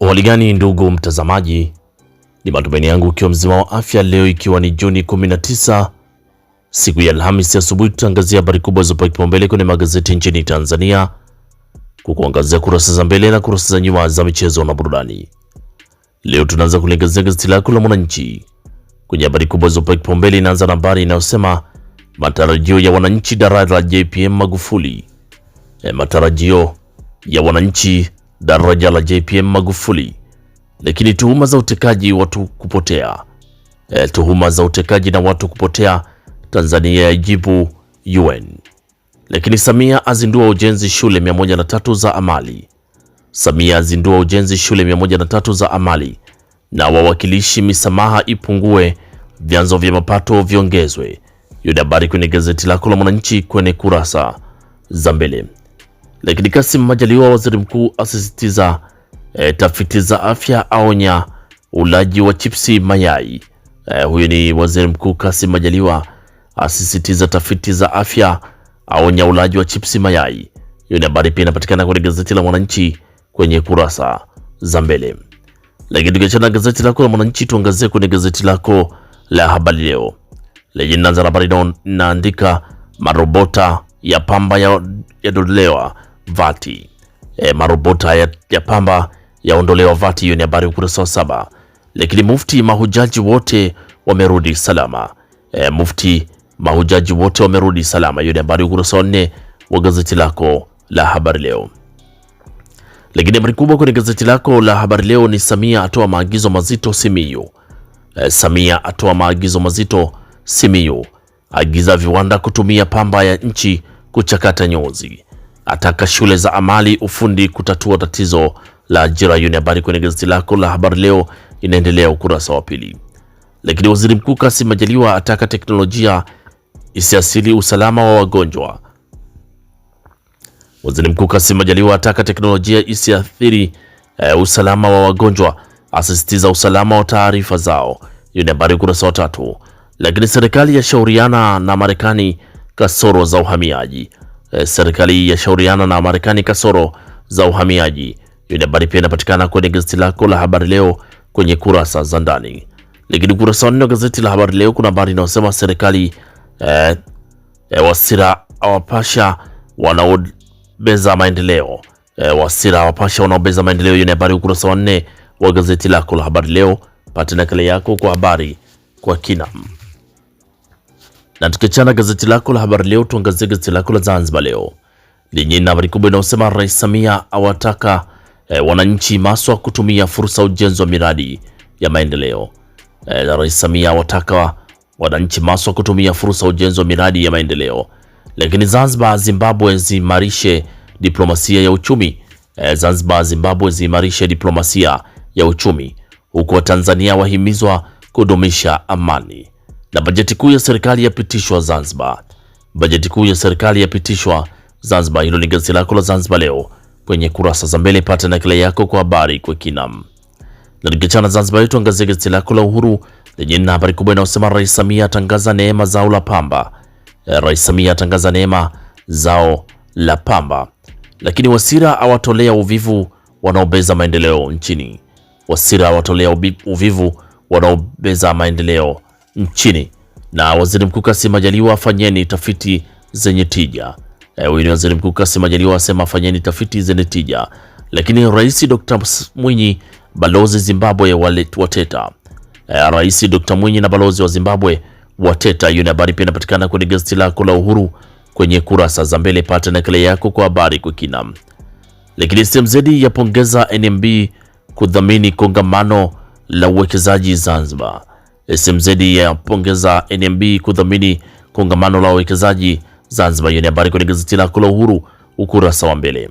Uhaligani ndugu mtazamaji, ni matumaini yangu ukiwa mzima wa afya. Leo ikiwa ni Juni 19 siku ya Alhamisi asubuhi, tutaangazia habari kubwa zilizopewa kipaumbele kwenye magazeti nchini Tanzania, kukuangazia kurasa za mbele na kurasa za nyuma za michezo na burudani. Leo tunaanza kuliangazia gazeti lako la Mwananchi kwenye habari kubwa zilizopewa kipaumbele. Inaanza na habari inayosema matarajio ya wananchi daraja la JPM Magufuli. E, matarajio ya wananchi daraja la JPM Magufuli. Lakini tuhuma za utekaji watu kupotea e, tuhuma za utekaji na watu kupotea Tanzania yajibu UN. Lakini Samia azindua ujenzi shule 103 za amali. Samia azindua ujenzi shule 103 za amali na wawakilishi misamaha ipungue, vyanzo vya mapato viongezwe. Hiyo ni habari kwenye gazeti lako la Mwananchi kwenye kurasa za mbele. Lakini Kassim Majaliwa, waziri mkuu, asisitiza e, tafiti za afya, aonya ulaji wa chipsi mayai. E, huyu ni waziri mkuu Kassim Majaliwa asisitiza tafiti za afya, aonya ulaji wa chipsi mayai. Hiyo ni habari pia inapatikana kwenye gazeti la Mwananchi kwenye kurasa za mbele. Lakini tukiachana gazeti lako la Mwananchi, tuangazie kwenye gazeti lako la Habari Leo lenye naanza habari inaandika marobota ya pamba yadodolewa vati. E, marobota ya, ya pamba yaondolewa vati. Hiyo ni habari ukurasa wa saba. Lakini mufti mahujaji wote wamerudi salama. E, mufti mahujaji wote wamerudi salama. Hiyo ni habari ukurasa wa nne wa gazeti lako la habari leo. Lakini habari kubwa kwenye gazeti lako la habari leo ni Samia atoa maagizo mazito Simiyu. E, Samia atoa maagizo mazito Simiyu, agiza viwanda kutumia pamba ya nchi kuchakata nyozi ataka shule za amali ufundi kutatua tatizo la ajira. Hiyo ni habari kwenye gazeti lako la habari leo, inaendelea ukurasa wa pili. Lakini waziri mkuu Kassim Majaliwa ataka teknolojia isiasili usalama wa wagonjwa. Waziri mkuu Kassim Majaliwa ataka teknolojia isiathiri uh, usalama wa wagonjwa, asisitiza usalama wa taarifa zao. Hiyo ni habari ukurasa wa tatu. Lakini serikali yashauriana na Marekani kasoro za uhamiaji. Eh, serikali yashauriana na Marekani kasoro za uhamiaji. Hiyo ni habari pia inapatikana kwenye gazeti lako la habari leo kwenye kurasa za ndani. Lakini ukurasa wa nne wa gazeti la habari leo kuna habari inayosema serikali eh, eh, Wasira awapasha wanaobeza maendeleo eh, Wasira awapasha wanaobeza maendeleo. Hiyo ni habari ukurasa wa nne wa gazeti lako la habari leo. Pata nakala yako kwa habari kwa kina. Na tukiachana gazeti lako la habari leo, tuangazie gazeti lako la Zanzibar leo lenye na habari kubwa inayosema Rais Samia awataka e, wananchi Maswa kutumia fursa ujenzi wa miradi ya maendeleo. E, Rais Samia awataka wananchi Maswa kutumia fursa ujenzi wa miradi ya maendeleo. Lakini Zanzibar Zimbabwe zimarishe diplomasia ya uchumi. E, Zanzibar Zimbabwe zimarishe diplomasia ya uchumi huku Watanzania wahimizwa kudumisha amani na bajeti kuu ya serikali yapitishwa Zanzibar. Bajeti kuu ya serikali yapitishwa Zanzibar. Hilo ni gazeti lako la Zanzibar Leo kwenye kurasa za mbele, pata nakala yako kwa habari kwa kinam. Na tukiachana Zanzibar yetu, angazia gazeti lako la Uhuru lenye na habari kubwa inayosema Rais Samia atangaza neema zao la pamba. Eh, Rais Samia atangaza neema zao la pamba, lakini Wasira awatolea uvivu wanaobeza maendeleo nchini. Wasira awatolea uvivu wanaobeza maendeleo nchini, na waziri mkuu Kassim Majaliwa, fanyeni tafiti zenye tija. Eh, huyu ni waziri mkuu Kassim Majaliwa asema fanyeni tafiti zenye tija. Lakini Rais Dr. Mwinyi balozi Zimbabwe wateta. Eh, Rais Dr. Mwinyi na balozi wa Zimbabwe wateta. Hiyo ni habari pia inapatikana kwenye gazeti lako la Uhuru kwenye kurasa za mbele, pata nakala yako kwa habari kwa kina. Lakini SMZ yapongeza NMB kudhamini kongamano la uwekezaji Zanzibar. SMZ yapongeza NMB kudhamini kongamano la wawekezaji Zanzibar. Hiyo ni habari kwenye gazeti lako la Uhuru ukurasa wa mbele,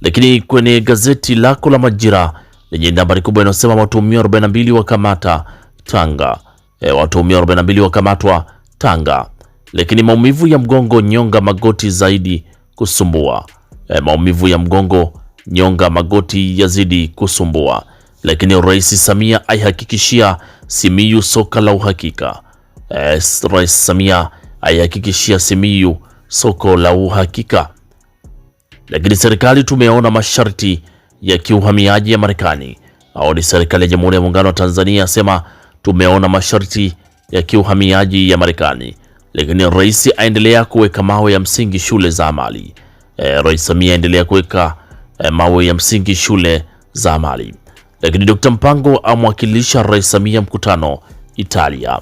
lakini kwenye gazeti lako la Majira lenye habari kubwa inasema watuhumiwa 42 wakamata Tanga. E, watuhumiwa 42 wakamatwa Tanga. Lakini maumivu ya mgongo nyonga magoti zaidi kusumbua. E, maumivu ya mgongo nyonga magoti yazidi kusumbua. Lakini Rais Samia aihakikishia Simiyu soka la uhakika. Eh, Rais Samia aihakikishia Simiyu soko la uhakika. Lakini serikali tumeona masharti ya kiuhamiaji ya Marekani au ni serikali ya Jamhuri ya Muungano wa Tanzania asema tumeona masharti ya kiuhamiaji ya Marekani, lakini rais aendelea kuweka mawe ya msingi shule za amali. E, Rais Samia aendelea kuweka e, mawe ya msingi shule za amali lakini Dr. Mpango amwakilisha Rais Samia mkutano Italia.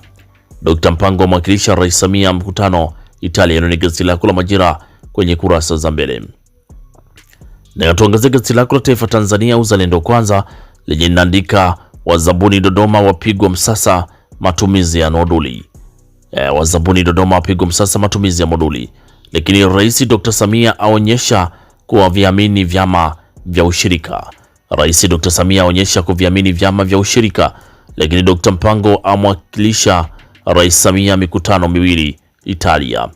Dr. Mpango amwakilisha Rais Samia mkutano Italia. ni gazeti lako la Majira kwenye kurasa za mbele. Na tuangazie gazeti lako la Taifa Tanzania Uzalendo Kwanza lenye linaandika wazabuni Dodoma wapigwa msasa matumizi ya moduli. E, wazabuni Dodoma wapigwa msasa matumizi ya moduli. Lakini Rais Dr. Samia aonyesha kuwa viamini vyama vya ushirika Rais Dr. Samia aonyesha kuviamini vyama vya ushirika, lakini Dr. Mpango amwakilisha Rais Samia mikutano miwili Italia.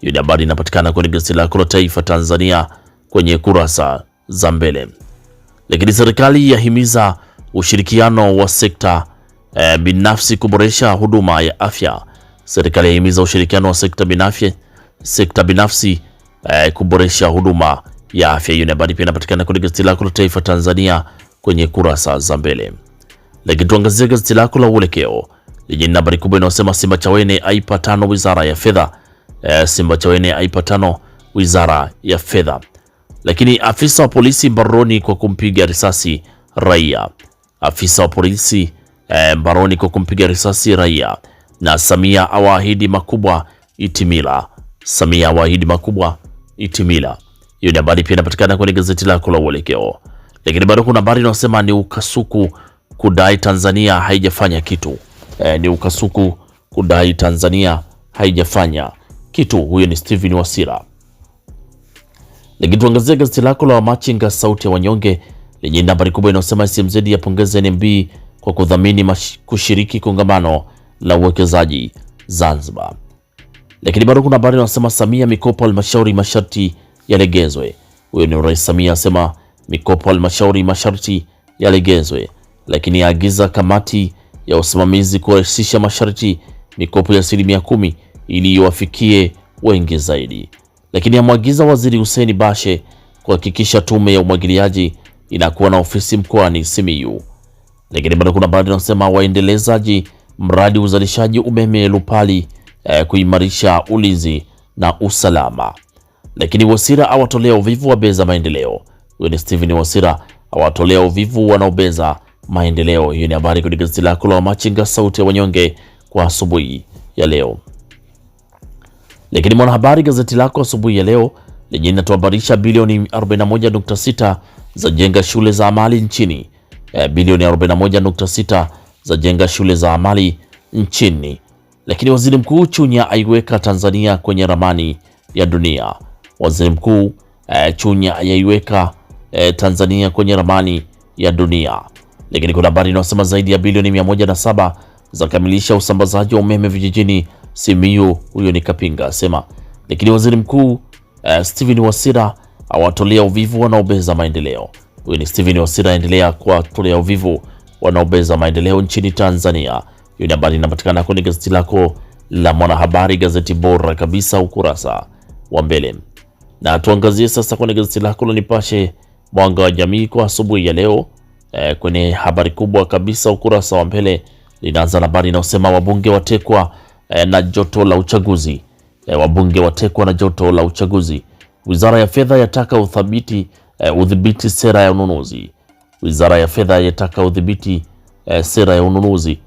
Hiyo ni habari inapatikana kwenye gazeti lako la Taifa Tanzania kwenye kurasa za mbele. Lakini serikali yahimiza ushirikiano wa sekta e, binafsi kuboresha huduma ya afya. Serikali yahimiza ushirikiano wa sekta binafsi, sekta binafsi e, kuboresha huduma ya afya. Hiyo ni habari pia inapatikana kwenye gazeti lako la Taifa Tanzania kwenye kurasa za mbele. Lakini tuangazie gazeti lako la Uelekeo lenye nambari kubwa inayosema Simba Chawene aipa tano wizara ya fedha. E, Simba Chawene aipa tano wizara ya fedha. Lakini afisa wa polisi mbaroni kwa kumpiga risasi raia. Afisa wa polisi e, mbaroni kwa kumpiga risasi raia. Na Samia awaahidi makubwa itimila. Samia awaahidi makubwa itimila. Hiyo ni habari pia inapatikana kwenye gazeti lako la Uelekeo, lakini bado kuna habari inayosema ni ukasuku kudai Tanzania haijafanya kitu. E, ni ukasuku kudai Tanzania haijafanya kitu. Huyo ni Steven Wasira. Lakini tuangazie gazeti lako la Wamachinga sauti ya wanyonge lenye nambari kubwa inayosema SMZ yapongeza NMB kwa kudhamini kushiriki kongamano la uwekezaji Zanzibar. Lakini bado kuna habari inayosema Samia mikopo halmashauri masharti yalegezwe. Huyo ni Rais Samia asema mikopo halmashauri masharti yalegezwe, lakini aagiza kamati ya usimamizi kurahisisha masharti mikopo ya asilimia kumi ili iwafikie wengi zaidi. Lakini amwagiza Waziri Huseni Bashe kuhakikisha tume ya umwagiliaji inakuwa na ofisi mkoani Simiyu. Lakini bado kuna baadhi wanasema waendelezaji mradi uzalishaji umeme Lupali eh, kuimarisha ulinzi na usalama. Lakini Wasira awatolea uvivu wabeza maendeleo. Huyo ni Steven Wasira awatolea uvivu wanaobeza maendeleo. Hiyo ni habari kwenye gazeti lako la Wamachinga, sauti ya wanyonge kwa asubuhi ya leo. Lakini Mwanahabari, gazeti lako asubuhi ya leo lenye inatuhabarisha bilioni 41.6 za jenga shule za amali nchini. E, bilioni 41.6 za jenga shule za amali nchini. Lakini waziri mkuu Chunya aiweka Tanzania kwenye ramani ya dunia. Waziri Mkuu eh, Chunya yaiweka eh, Tanzania kwenye ramani ya dunia. Lakini kuna habari inayosema zaidi ya bilioni 107 za kamilisha usambazaji wa umeme vijijini Simiyu, huyo ni Kapinga asema. Lakini waziri mkuu eh, Steven Wasira awatolea uvivu wanaobeza maendeleo. Huyo ni Steven Wasira aendelea kuwatolea uvivu wanaobeza maendeleo nchini Tanzania. Hiyo ni habari inapatikana kwenye gazeti lako la Mwanahabari, gazeti bora kabisa, ukurasa wa mbele. Na tuangazie sasa kwenye gazeti lako la Nipashe Mwanga wa Jamii kwa asubuhi ya leo e, kwenye habari kubwa kabisa ukurasa wa mbele linaanza na habari inayosema wabunge watekwa e, na joto la uchaguzi e, wabunge watekwa na joto la uchaguzi. Wizara ya Fedha yataka uthabiti e, udhibiti sera ya ununuzi. Wizara ya Fedha yataka udhibiti e, sera ya ununuzi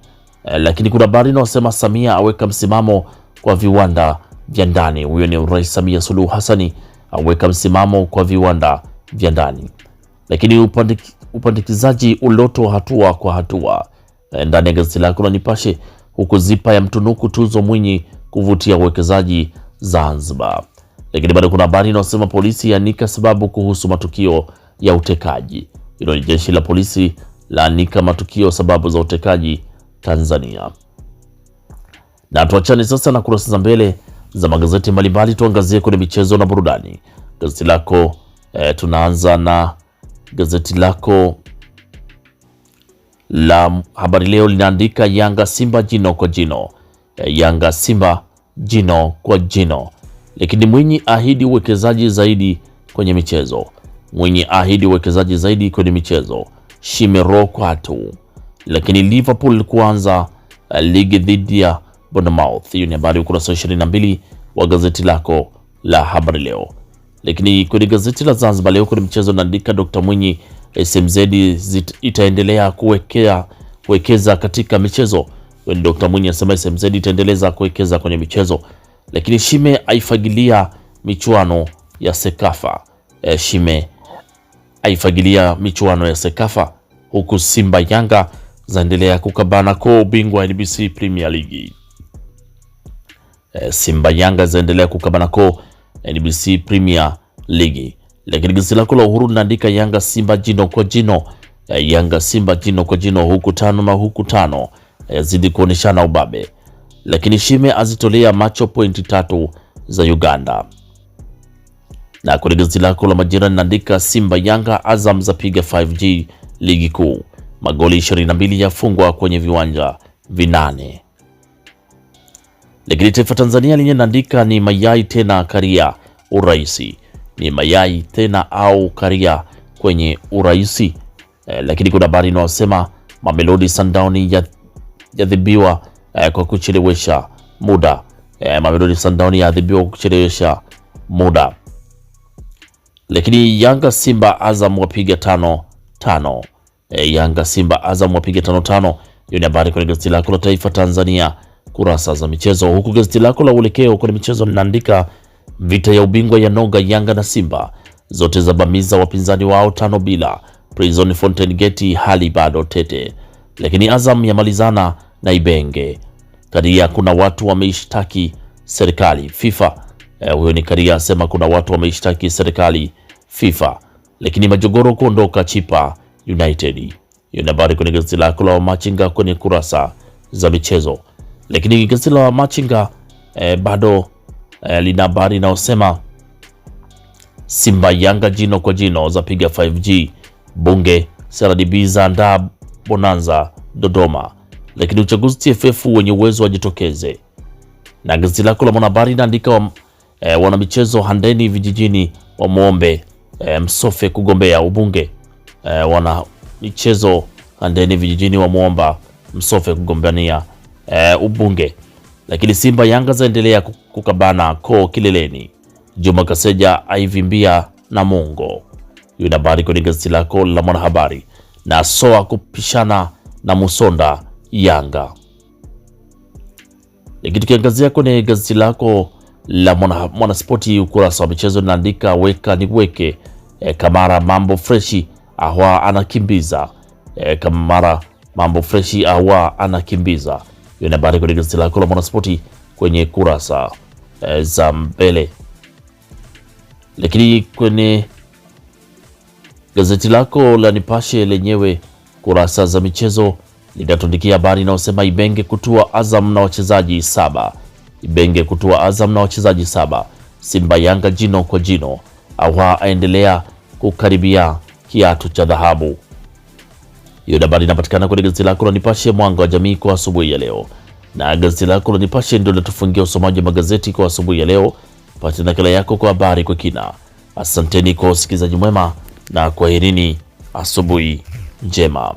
e, lakini kuna habari inayosema Samia aweka msimamo kwa viwanda vya ndani. Huyo ni Rais Samia Suluhu Hassani aweka msimamo kwa viwanda vya ndani, lakini upandikizaji uloto hatua kwa hatua ndani ya gazeti lako la Nipashe, huku zipa ya mtunuku tuzo Mwinyi kuvutia uwekezaji Zanzibar. Lakini bado kuna habari inayosema polisi yaanika sababu kuhusu matukio ya utekaji. Hilo ni jeshi la polisi laanika matukio sababu za utekaji Tanzania. Na tuachane sasa na kurasa za mbele za magazeti mbalimbali, tuangazie kwenye michezo na burudani. Gazeti lako e, tunaanza na gazeti lako la Habari Leo linaandika Yanga Simba jino kwa jino, e, Yanga Simba jino kwa jino, lakini Mwinyi ahidi uwekezaji zaidi kwenye michezo. Mwinyi ahidi uwekezaji zaidi kwenye michezo. Shimero kwatu, lakini Liverpool kuanza eh, ligi dhidi ya Bondamouth. Hiyo ni habari ukurasa wa 22 wa gazeti lako la habari leo. Lakini kwenye gazeti la Zanzibar leo kwenye mchezo naandika Dr. Mwinyi, eh, SMZ itaendelea kuwekea kuwekeza katika michezo. Dr. Mwinyi asema SMZ itaendeleza kuwekeza kwenye michezo. Lakini Shime aifagilia michuano ya Sekafa. E, Shime aifagilia michuano ya Sekafa huku Simba Yanga zaendelea kukabana kwa ubingwa NBC Premier League. Eh, Simba Yanga zaendelea kukabana koo eh, NBC Premier League, lakini gazeti lako la Uhuru linaandika Yanga Simba jino kwa jino, eh, Yanga Simba jino kwa jino, huku tano na huku tano yazidi kuonyeshana ubabe, lakini Shime azitolea macho pointi tatu za Uganda. Na kwenye gazeti lako la Majira linaandika Simba Yanga Azam piga 5G ligi kuu, magoli 22 yafungwa kwenye viwanja vinane. Lakini Taifa Tanzania lenye naandika ni mayai tena Karia uraisi, ni mayai tena au Karia kwenye uraisi. E, lakini kuna habari inayosema Mamelodi Sundowns yadhibiwa ya eh, e, kwa kuchelewesha muda e, Mamelodi Sundowns yadhibiwa kwa kuchelewesha muda. Lakini Yanga Simba Azam wapiga tano tano. E, Yanga Simba Azam wapiga tano tano. Hiyo ni habari kwenye gazeti lako la Taifa Tanzania kurasa za michezo, huku gazeti lako la uelekeo kwenye michezo linaandika vita ya ubingwa ya noga Yanga na Simba zote za bamiza wapinzani wao tano bila. Prison Fountain Gate hali bado tete, lakini Azam yamalizana na Ibenge. Karia kuna watu wameishtaki serikali FIFA. Eh, huyo ni Karia asema kuna watu wameishtaki serikali FIFA, lakini Majogoro kuondoka Chipa United. Hiyo ni habari kwenye gazeti lako la Wamachinga kwenye kurasa za michezo. Lakini gazeti la Machinga eh, bado eh, lina habari inayosema Simba Yanga jino kwa jino za piga 5G bunge CRDB za bonanza Dodoma, lakini uchaguzi TFF wenye uwezo wajitokeze. Na gazeti lako la Mwanahabari inaandika wa, eh, e, wanamichezo Handeni vijijini wamwombe e, eh, Msofe kugombea ubunge e, wanamichezo Handeni vijijini wamwomba Msofe kugombania e, ubunge, lakini Simba Yanga zaendelea kukabana koo kileleni. Juma Kaseja aivimbia Namungo. Hiyo ni habari kwenye gazeti lako la Mwanahabari. Na Soa kupishana na Musonda Yanga. Lakini tukiangazia kwenye gazeti lako la Mwanaspoti mwana ukurasa wa michezo linaandika weka ni weke e, Kamara mambo freshi ahwa anakimbiza e, Kamara mambo freshi ahwa anakimbiza hiyo ni habari kwenye gazeti lako la Mwanaspoti kwenye kurasa e, za mbele. Lakini kwenye gazeti lako la Nipashe lenyewe kurasa za michezo litatundikia habari inayosema Ibenge kutua Azam na wachezaji saba. Ibenge kutua Azam na wachezaji saba. Simba Yanga jino kwa jino awa aendelea kukaribia kiatu cha dhahabu. Hiyo habari inapatikana kwenye gazeti lako la Nipashe mwanga wa jamii kwa asubuhi ya leo, na gazeti lako la Nipashe ndio linatufungia usomaji wa magazeti kwa asubuhi ya leo. Pata nakala yako kwa habari kwa kina. Asanteni kwa usikilizaji mwema na kwaherini, asubuhi njema.